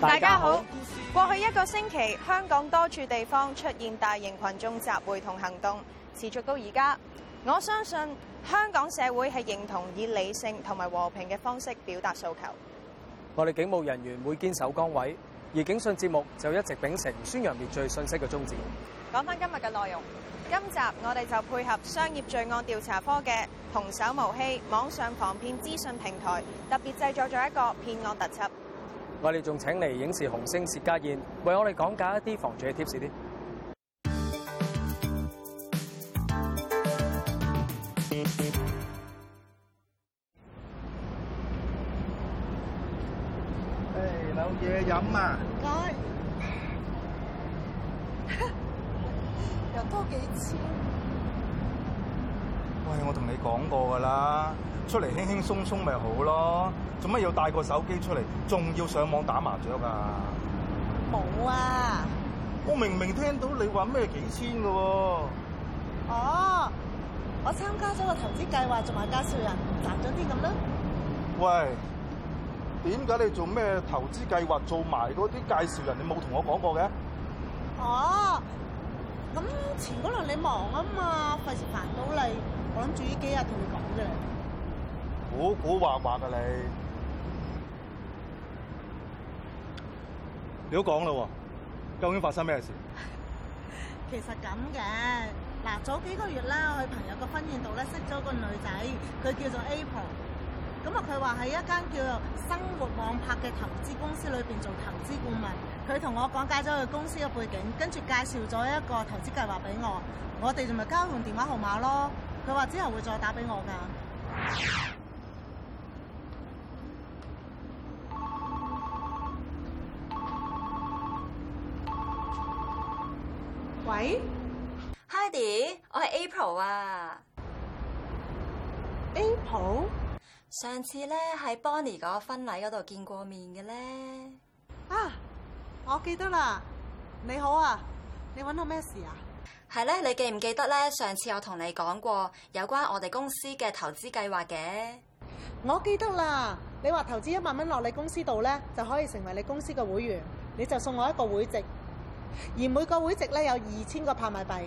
大家好。過去一個星期，香港多處地方出現大型群眾集會同行動，持續到而家。我相信香港社會係認同以理性同埋和平嘅方式表達訴求。我哋警務人員會堅守崗位，而警訊節目就一直秉承宣揚滅罪信息嘅宗旨。講翻今日嘅內容，今集我哋就配合商業罪案調查科嘅同手無欺網上防騙資訊平台，特別製作咗一個騙案特輯。我哋仲請嚟影視紅星薛家燕，為我哋講解一啲防罪嘅貼士添匆匆咪好咯，做乜要帶個手機出嚟，仲要上網打麻雀啊？冇啊！我明明聽到你話咩幾千噶喎？哦，我參加咗個投資計劃，做埋介紹人，賺咗啲咁啦。喂，點解你做咩投資計劃做埋嗰啲介紹人？你冇同我講過嘅？哦，咁前嗰輪你忙啊嘛，費事煩到你，我諗住呢幾日同你講啫。古古惑惑啊！好好橫橫你你都講啦，究竟發生咩事？其實咁嘅嗱，早幾個月啦，我去朋友嘅婚宴度咧識咗個女仔，佢叫做 Apple。咁啊，佢話喺一間叫做生活網拍嘅投資公司裏邊做投資顧問，佢同我講解咗佢公司嘅背景，跟住介紹咗一個投資計劃俾我。我哋仲咪交換電話號碼咯。佢話之後會再打俾我噶。係啊，April 啊，April，上次咧喺 Bonnie 個婚禮嗰度見過面嘅咧，啊，我記得啦，你好啊，你揾我咩事啊？係咧，你記唔記得咧？上次我同你講過有關我哋公司嘅投資計劃嘅，我記得啦。你話投資一萬蚊落你公司度咧，就可以成為你公司嘅會員，你就送我一個會籍，而每個會籍咧有二千個拍賣幣。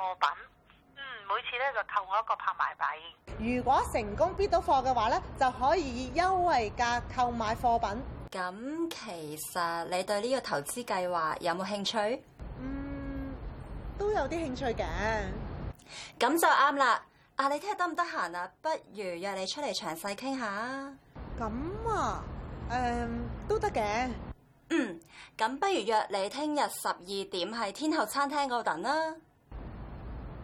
貨品，嗯，每次咧就扣我一個拍賣幣。如果成功 bid 到貨嘅話咧，就可以以優惠價購買貨品。咁其實你對呢個投資計劃有冇興趣？嗯，都有啲興趣嘅。咁就啱啦。啊，你聽日得唔得閒啊？不如約你出嚟詳細傾下。咁啊，誒、呃，都得嘅。嗯，咁不如約你聽日十二點喺天后餐廳嗰度等啦。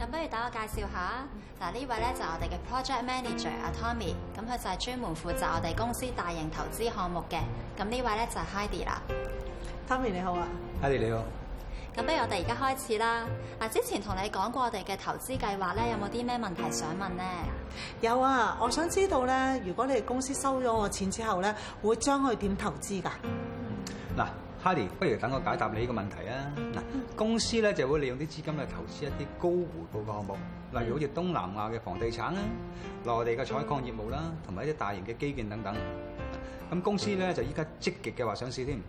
咁不如等我介紹下，嗱，呢位咧就係我哋嘅 project manager 阿 Tommy，咁佢就係專門負責我哋公司大型投資項目嘅。咁呢位咧就係 Hedy 啦。Tommy 你好啊，Hedy 你好。咁不如我哋而家開始啦。嗱，之前同你講過我哋嘅投資計劃咧，有冇啲咩問題想問咧？有啊，我想知道咧，如果你哋公司收咗我的錢之後咧，會將佢點投資噶？Hardy，不如等我解答你呢個問題啊！嗱，公司咧就會利用啲資金咧投資一啲高回報嘅項目，例如好似東南亞嘅房地產啦、內地嘅採礦業務啦，同埋一啲大型嘅基建等等。咁公司咧就依家積極嘅話上市添，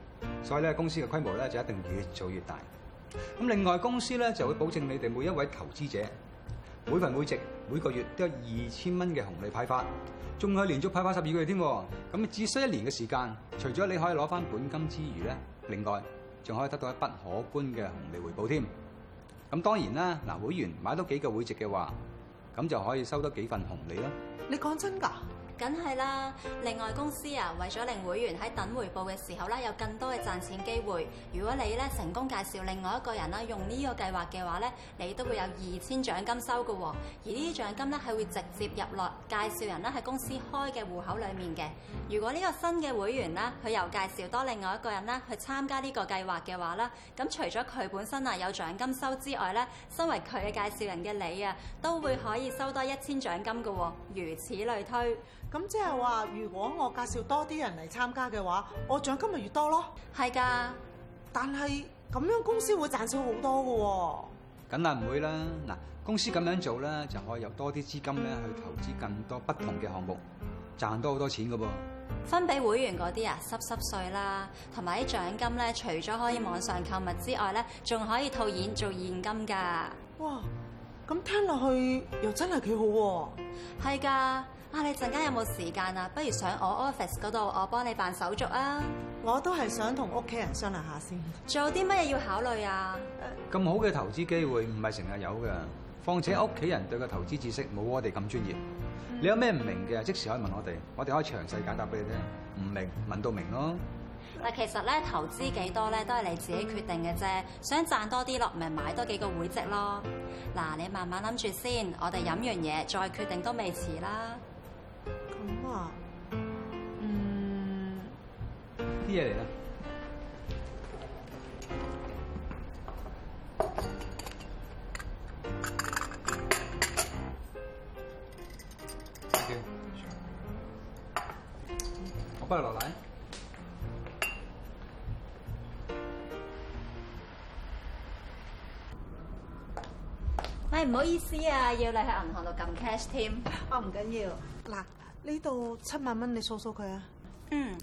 所以咧公司嘅規模咧就一定越做越大。咁另外公司咧就會保證你哋每一位投資者每份每值每個月都有二千蚊嘅紅利派發，仲可以連續派發十二個月添。咁只需一年嘅時間，除咗你可以攞翻本金之餘咧～另外，仲可以得到一筆可觀嘅紅利回報添。咁當然啦，嗱，會員買多幾個會籍嘅話，咁就可以收多幾份紅利啦。你講真㗎？梗係啦！另外公司啊，為咗令會員喺等回報嘅時候咧，有更多嘅賺錢機會。如果你咧成功介紹另外一個人啦，用呢個計劃嘅話咧，你都會有二千獎金收嘅喎。而呢啲獎金咧係會直接入落介紹人啦喺公司開嘅戶口裡面嘅。如果呢個新嘅會員啦，佢又介紹多另外一個人啦去參加呢個計劃嘅話咧，咁除咗佢本身啊有獎金收之外咧，身為佢嘅介紹人嘅你啊，都會可以收多一千獎金嘅喎。如此類推。咁即係話，如果我介紹多啲人嚟參加嘅話，我獎金咪越多咯。係㗎的，但係咁樣公司會賺少好多嘅。梗係唔會啦。嗱，公司咁樣做咧，就可以有多啲資金咧去投資更多不同嘅項目，賺、嗯、多好多錢嘅噃。分俾會員嗰啲啊，濕濕碎啦。同埋啲獎金咧，除咗可以網上購物之外咧，仲可以套現做現金㗎。哇！咁聽落去又真係幾好喎。係㗎。啊！你陣間有冇時間啊？不如上我 office 嗰度，我幫你辦手續啊！我都係想同屋企人商量下先。仲有啲乜嘢要考慮啊？咁、呃、好嘅投資機會唔係成日有嘅，況且屋企人對個投資知識冇我哋咁專業。嗯、你有咩唔明嘅，即時可以問我哋，我哋可以詳細解答俾你聽。唔明問到明咯。嗱，其實咧，投資幾多咧，都係你自己決定嘅啫。想賺多啲落，咪買多幾個會籍咯。嗱，你慢慢諗住先，我哋飲完嘢再決定都未遲啦。哇，嗯，啲嘢嚟啦 thank you，我翻嚟攞嚟。喂、哎，唔好意思啊，要你喺銀行度撳 cash 添。我唔、 哦、緊要，嗱。呢度七萬蚊，你數數佢啊！嗯，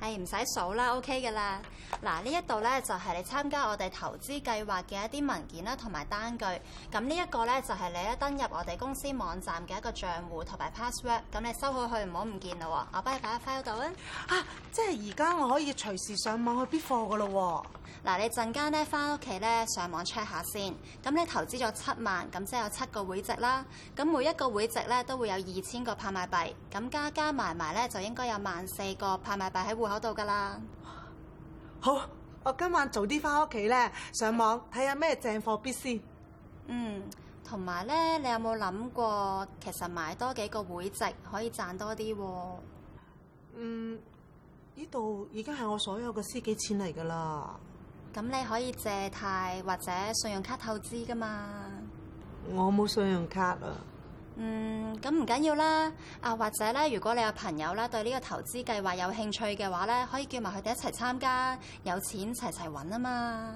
唉唔使數啦，OK 噶啦。嗱，呢一度咧就係你參加我哋投資計劃嘅一啲文件啦，同埋單據。咁呢一個咧就係你咧登入我哋公司網站嘅一個賬戶同埋 password。咁你收好佢，唔好唔見啦。我幫你擺 file 度啦。啊，即係而家我可以隨時上網去必貨噶咯。嗱、啊,你陣間咧翻屋企咧上網 check 下先。咁你投資咗七萬，咁即係有七個會籍啦。咁每一個會籍咧都會有二千個拍賣幣，咁加加埋埋咧就應該有萬四個。拍埋幣喺戶口度噶啦。好，我今晚早啲翻屋企咧，上網睇下咩正貨必先。嗯，同埋咧，你有冇諗過，其實買多幾個會籍可以賺多啲？啊、嗯，呢度已經係我所有嘅私己錢嚟噶啦。咁你可以借貸或者信用卡透支噶嘛？我冇信用卡啦。嗯，咁唔緊要啦。啊，或者咧，如果你有朋友咧，對呢個投資計劃有興趣嘅話咧，可以叫埋佢哋一齊參加，有錢齊齊揾啊嘛。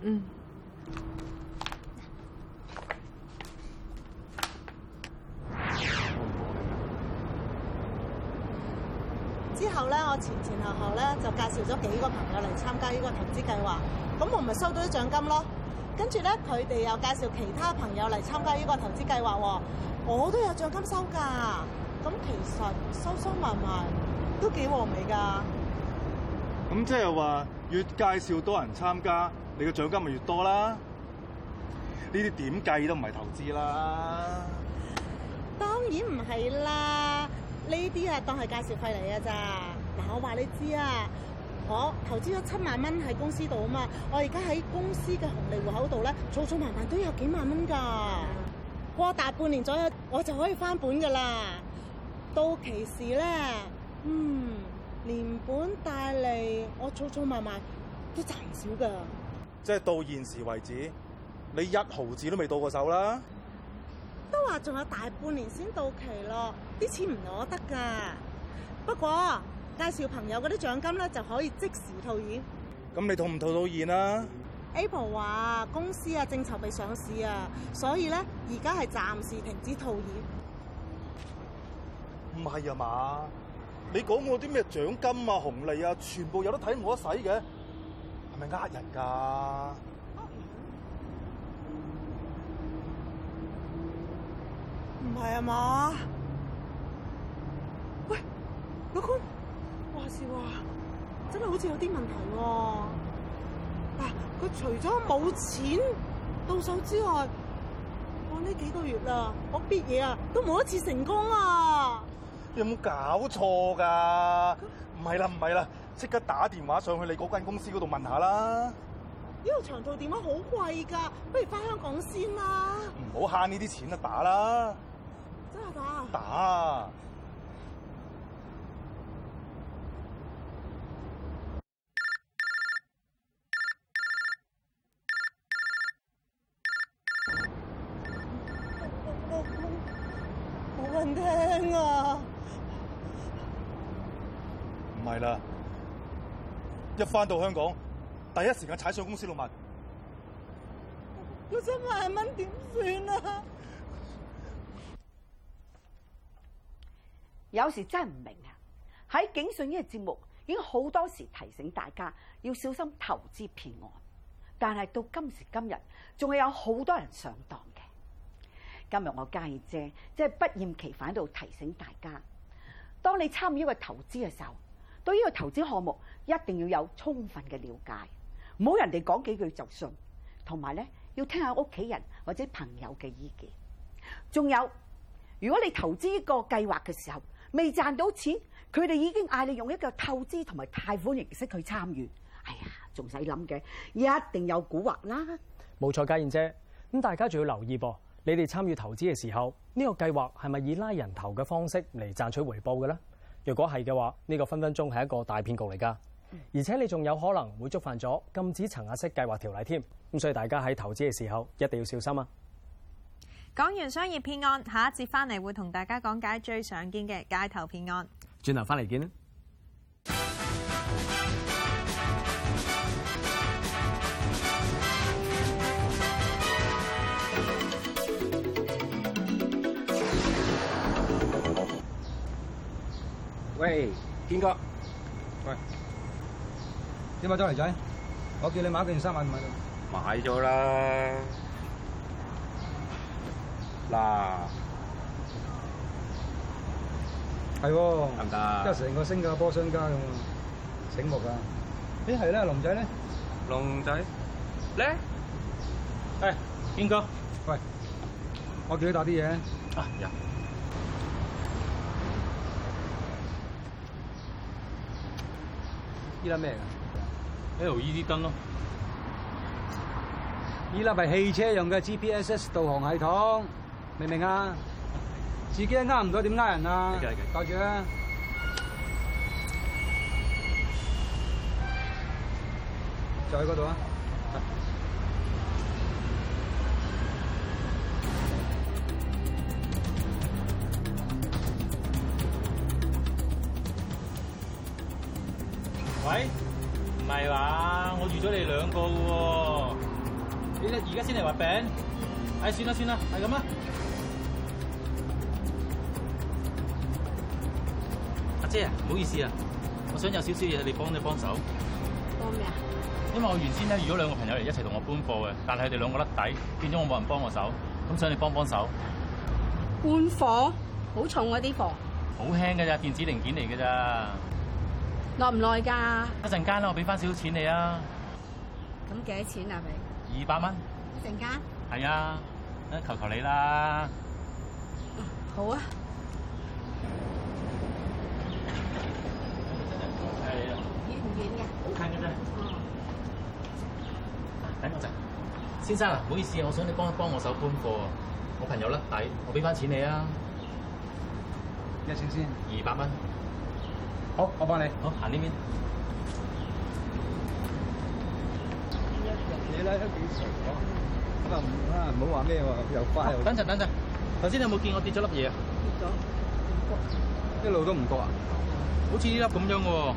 嗯。之後咧，我前前後後咧就介紹咗幾個朋友嚟參加呢個投資計劃，咁我咪收到啲獎金咯。跟住咧，佢哋又介紹其他朋友嚟參加呢個投資計劃喎，我都有獎金收㗎。咁其實收收埋埋都幾和味㗎。咁即係話，越介紹多人參加，你嘅獎金咪越多啦？呢啲點計都唔係投資啦。當然唔係啦，呢啲啊當係介紹費嚟㗎咋。嗱，我話你知啊。我投資咗七萬蚊喺公司度啊嘛，我而家喺公司嘅紅利戶口度咧，儲儲埋埋都有幾萬蚊噶，過大半年左右我就可以翻本噶啦。到期時咧，嗯，連本帶利，我儲儲埋埋都賺唔少噶。即係到現時為止，你一毫子都未到過手啦。都話仲有大半年先到期咯，啲錢唔攞得噶。不過。介紹朋友嗰啲獎金咧，就可以即時套現。咁你套唔套到現啊？Apple 話公司啊正籌備上市啊，所以咧而家係暫時停止套現。唔係啊嘛？你講我啲咩獎金啊紅利啊，全部有得睇冇得使嘅，係咪呃人噶？唔係啊嘛？喂，老公。話笑啊真的好像有點問題啊，真係好似有啲問題喎！嗱，佢除咗冇錢到手之外，我呢幾個月啦，我 bid 嘢啊都冇一次成功啊！有冇搞錯噶？唔係啦，唔係啦，即刻打電話上去你嗰間公司嗰度問下啦！呢個長途電話好貴噶，不如翻香港先啦！唔好慳呢啲錢啦，打啦！真係打？打聽啊，唔係啦，一翻到香港，第一時間踩上公司落馬。嗰千萬蚊點算啊？有時真係唔明啊！喺警訊呢個節目，已經好多時提醒大家要小心投資騙案，但係到今時今日，仲係有好多人上當。今日我家燕姐即係、就是、不厭其煩喺度提醒大家，當你參與一個投資嘅時候，對呢個投資項目一定要有充分嘅了解，唔好人哋講幾句就信，同埋咧要聽下屋企人或者朋友嘅意見。仲有，如果你投資一個計劃嘅時候未賺到錢，佢哋已經嗌你用一個透支同埋貸款形式去參與。哎呀，仲使諗嘅，一定有蠱惑啦。冇錯，家燕姐咁，大家仲要留意噃。你哋參與投資嘅時候，呢個計劃係咪以拉人頭嘅方式嚟賺取回報嘅呢？如果係嘅話，呢個分分鐘係一個大騙局嚟噶，而且你仲有可能會觸犯咗禁止層壓式計劃條例添。咁所以大家喺投資嘅時候一定要小心啊！講完商業騙案，下一節翻嚟會同大家講解最常見嘅街頭騙案。轉頭翻嚟見。喂，堅哥，喂，點解周嚟仔？我叫你買一件衫，買唔買到？買咗啦，嗱，係，即係成個新加坡商家咁，醒目啊！咦，係啦，龍仔咧？龍仔，咧？誒，堅哥，喂，我叫你打啲嘢。啊，有。呢粒咩嚟？L E D 燈咯。呢粒係汽車用嘅 G P S 導航系統，明唔明啊？自己都呃唔到，點呃人啊？記住啦，下一個圖啊！喂，唔係話我預咗你兩個喎，你而家先嚟話病，唉，算啦算啦，係咁啦。阿姐，姐，唔好意思啊，我想有少少嘢你幫你幫手。幫咩啊？因為我原先咧預咗兩個朋友嚟一齊同我搬貨嘅，但係佢哋兩個甩底，變咗我冇人幫我手，咁想你幫幫手。搬貨？好重啊啲貨？好輕噶咋，電子零件嚟噶咋。耐唔耐噶？久久我給你一陣間啦，我俾翻少少錢你啊。咁幾多錢啊？咪？二百蚊一陣間。係啊，求求你啦。啊，好啊。係啊。遠唔遠嘅？好近㗎啫。等我陣，先生啊，唔好意思，我想你幫一幫我手搬貨，我朋友啦。甩底，我俾翻錢你啊。一少先，二百蚊。好，我幫你。好，行呢邊。呢一嚿嘢咧都幾重喎。咁、哦、啊唔好話咩喎，又快、啊啊、等陣等陣，頭先是你有冇見我跌咗粒嘢啊？跌咗、欸。一路都唔覺啊？好似呢粒咁樣喎。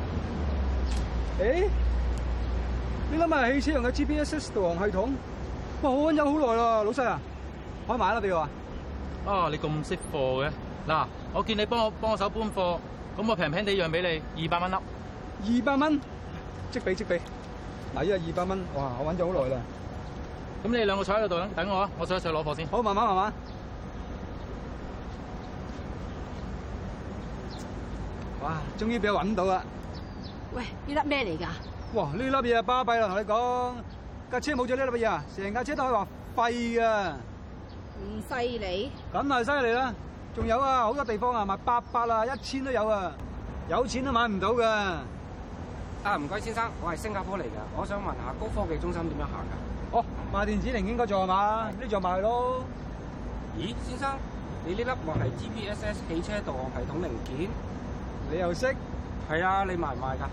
誒，呢粒咪係汽車用嘅 GPS 導航系統？哇、啊，我揾咗好耐咯，老細啊，開埋啦畀我啊！啊，你咁識貨嘅？嗱、啊，我見你幫我幫我手搬貨。咁我平平地讓俾你，二百蚊粒二百、哎，二百蚊，即俾即俾，嗱呢個二百蚊，哇我揾咗好耐啦，咁你兩個坐喺度等我，我上一上攞貨先，好。慢慢慢慢，哇終於俾我揾到啦，喂，呢粒咩嚟噶？哇，呢粒嘢巴閉啦同你講，架車冇咗呢粒嘢啊，成架車都可以話廢噶，唔犀利？梗係犀利啦。仲有啊，好多地方啊，賣八百啊，一千都有啊，有錢都買唔到噶。啊，唔該，先生，我係新加坡嚟噶，我想問下高科技中心點樣行噶？哦，賣電子零件嗰座係嘛？呢座是賣咯。咦，先生，你呢粒咪係 GPS 汽車導航系統零件？你又識？係啊，你賣唔賣噶？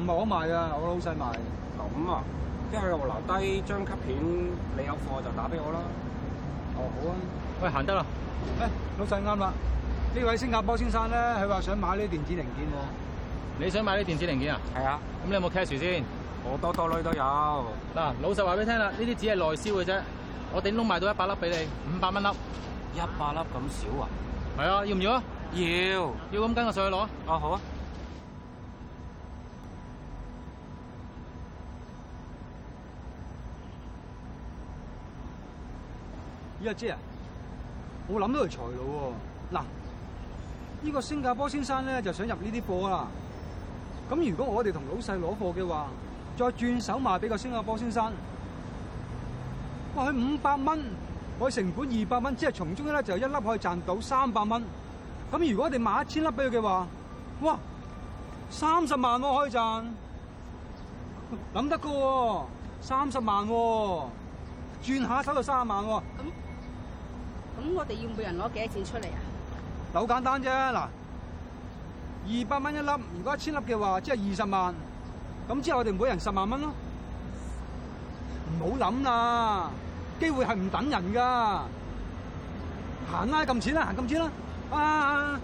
唔係我賣噶，我老細賣。咁啊，今日我留低張卡片，你有貨就打俾我啦。哦，好啊。喂，行得啦。喂、哎，老細啱啦，呢位新加坡先生咧，佢話想買呢電子零件。你想買呢電子零件啊？係啊，咁你有冇 cash 先？我多多女都有。嗱，老實話俾你聽啦，呢啲只係內銷嘅啫。我頂籠賣到一百粒俾你，五百蚊粒。一百粒咁少啊？係啊，要唔要啊？要，要咁跟我上去攞啊？哦，好啊。要唔要？Jay 我諗到條財路喎、啊，嗱，呢、這個新加坡先生咧就想入呢啲貨啦。咁如果我哋同老細攞貨嘅話，再轉手賣俾個新加坡先生，哇，佢五百蚊，我成本二百蚊，即係從中咧就一粒可以賺到三百蚊。咁如果我哋買一千粒俾佢嘅話，哇，三十萬我可以賺，諗得過、啊，三十萬、啊，轉下手就三十萬、啊。嗯咁我哋要每人攞幾多錢出嚟啊？好簡單啫，嗱，二百蚊一粒，如果一千粒嘅話，即係二十萬，咁之後我哋每人十萬蚊咯。唔好諗啦，機會係唔等人噶，行啦、啊、咁錢啦、啊，行咁錢啦、啊，啊！啊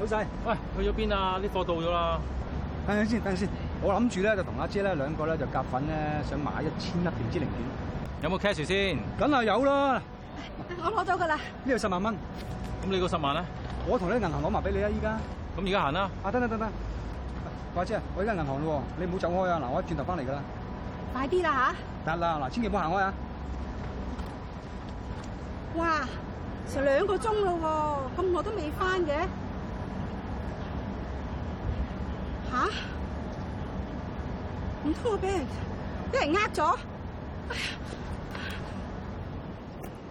老細，好喂，去咗邊啊？啲貨到咗啦。等陣先，等陣先。我諗住咧就同阿姐咧兩個咧就夾份咧，想買一千粒電子零件，有冇 cash 先？梗係有啦。我攞咗噶啦。呢度十萬蚊。咁你個十萬咧？萬呢，我同你銀行攞埋俾你啊！依家。咁而家行啦。啊，等等等等。阿、啊啊、姐，我依家銀行咯，你唔好走開啊！嗱，我轉頭翻嚟噶啦。快啲啦吓！得啦，嗱，千祈唔好行開啊。哇，成兩個鐘咯喎，咁我都未翻嘅。唔通我俾人俾人呃咗？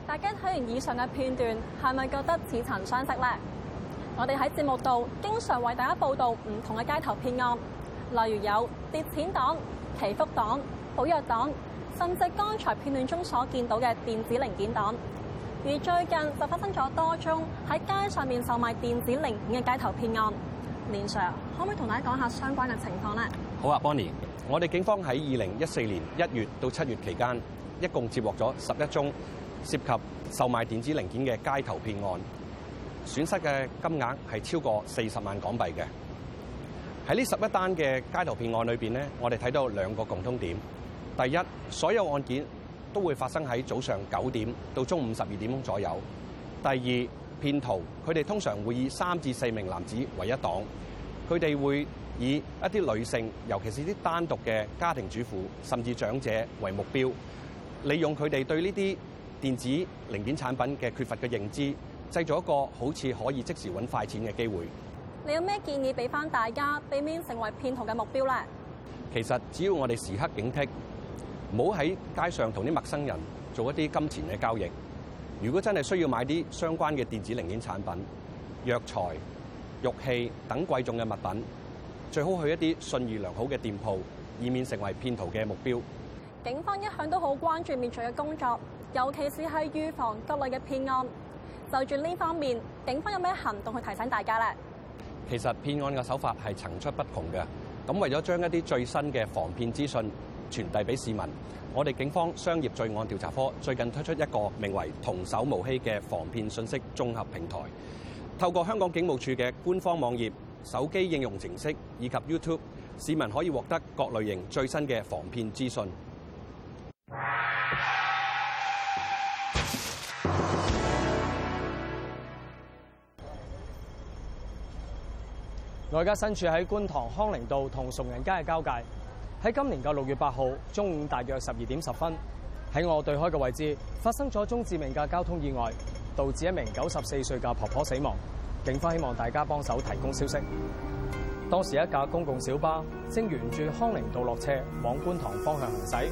大家睇完以上嘅片段，係咪覺得似曾相識呢？我哋喺節目度經常為大家報道唔同嘅街頭騙案，例如有跌錢黨、祈福黨、保藥黨，甚至剛才片段中所見到嘅電子零件黨。而最近就發生咗多宗喺街上面售賣電子零件嘅街頭騙案。面上可唔可以同大家講下相關嘅情況咧？好啊，Bonnie，我哋警方喺二零一四年一月到七月期間，一共接獲咗十一宗涉及售賣電子零件嘅街頭騙案，損失嘅金額係超過四十萬港幣嘅。喺呢十一單嘅街頭騙案裏邊咧，我哋睇到兩個共通點：第一，所有案件都會發生喺早上九點到中午十二點鐘左右；第二，騙徒佢哋通常會以三至四名男子為一黨，佢哋會以一啲女性，尤其是一啲單獨嘅家庭主婦甚至長者為目標，利用佢哋對呢啲電子零件產品嘅缺乏嘅認知，製造一個好似可以即時揾快錢嘅機會。你有咩建議俾返大家避免成為騙徒嘅目標咧？其實只要我哋時刻警惕，唔好喺街上同啲陌生人做一啲金錢嘅交易。如果真係需要買啲相關嘅電子零件產品、藥材、玉器等貴重嘅物品，最好去一啲信譽良好嘅店鋪，以免成為騙徒嘅目標。警方一向都好關注滅罪嘅工作，尤其是係預防各類嘅騙案。就住呢方面，警方有咩行動去提醒大家咧？其實騙案嘅手法係層出不窮嘅，咁為咗將一啲最新嘅防騙資訊。傳遞俾市民，我哋警方商業罪案調查科最近推出一個名為《同手無欺》嘅防騙信息綜合平台。透過香港警務處嘅官方網頁、手機應用程式以及 YouTube，市民可以獲得各類型最新嘅防騙資訊。我而家身處喺觀塘康寧道同崇仁街嘅交界。喺今年嘅六月八號中午大約十二點十分，喺我對開嘅位置發生咗宗致命嘅交通意外，導致一名九十四歲嘅婆婆死亡。警方希望大家幫手提供消息。當時一架公共小巴正沿住康寧道落車往觀塘方向行駛，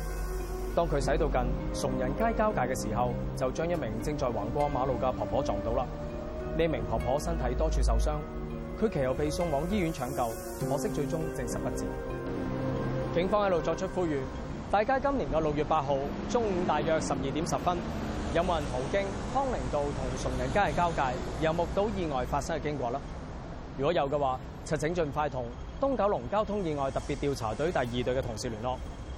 當佢駛到近崇仁街交界嘅時候，就將一名正在橫過馬路嘅婆婆撞到啦。呢名婆婆身體多處受傷，佢其後被送往醫院搶救，可惜最終證實不治。警方喺度作出呼籲，大家今年嘅六月八號中午大約十二點十分，有冇人途經康寧道同崇仁街嘅交界，有目睹意外發生嘅經過啦？如果有嘅話，就請盡快同東九龍交通意外特別調查隊第二隊嘅同事聯絡，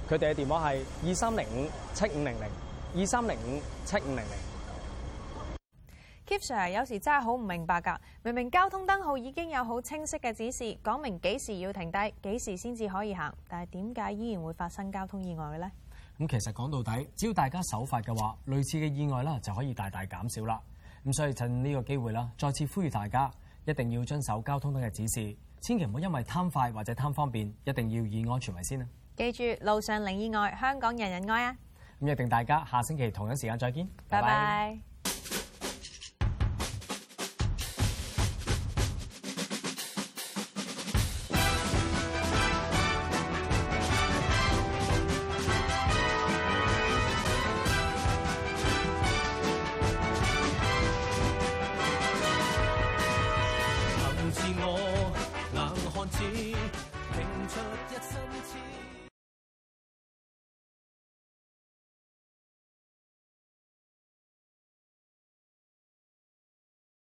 佢哋嘅電話係二三零五七五零零二三零五七五零零。Kip Sir，有時真係好唔明白㗎。明明交通燈號已經有好清晰嘅指示，講明幾時要停低，幾時先至可以行，但係點解依然會發生交通意外嘅呢？咁其實講到底，只要大家守法嘅話，類似嘅意外啦就可以大大減少啦。咁所以趁呢個機會啦，再次呼籲大家一定要遵守交通燈嘅指示，千祈唔好因為貪快或者貪方便，一定要以安全為先啊！記住，路上零意外，香港人人愛啊！咁約定大家下星期同樣時間再見，拜拜。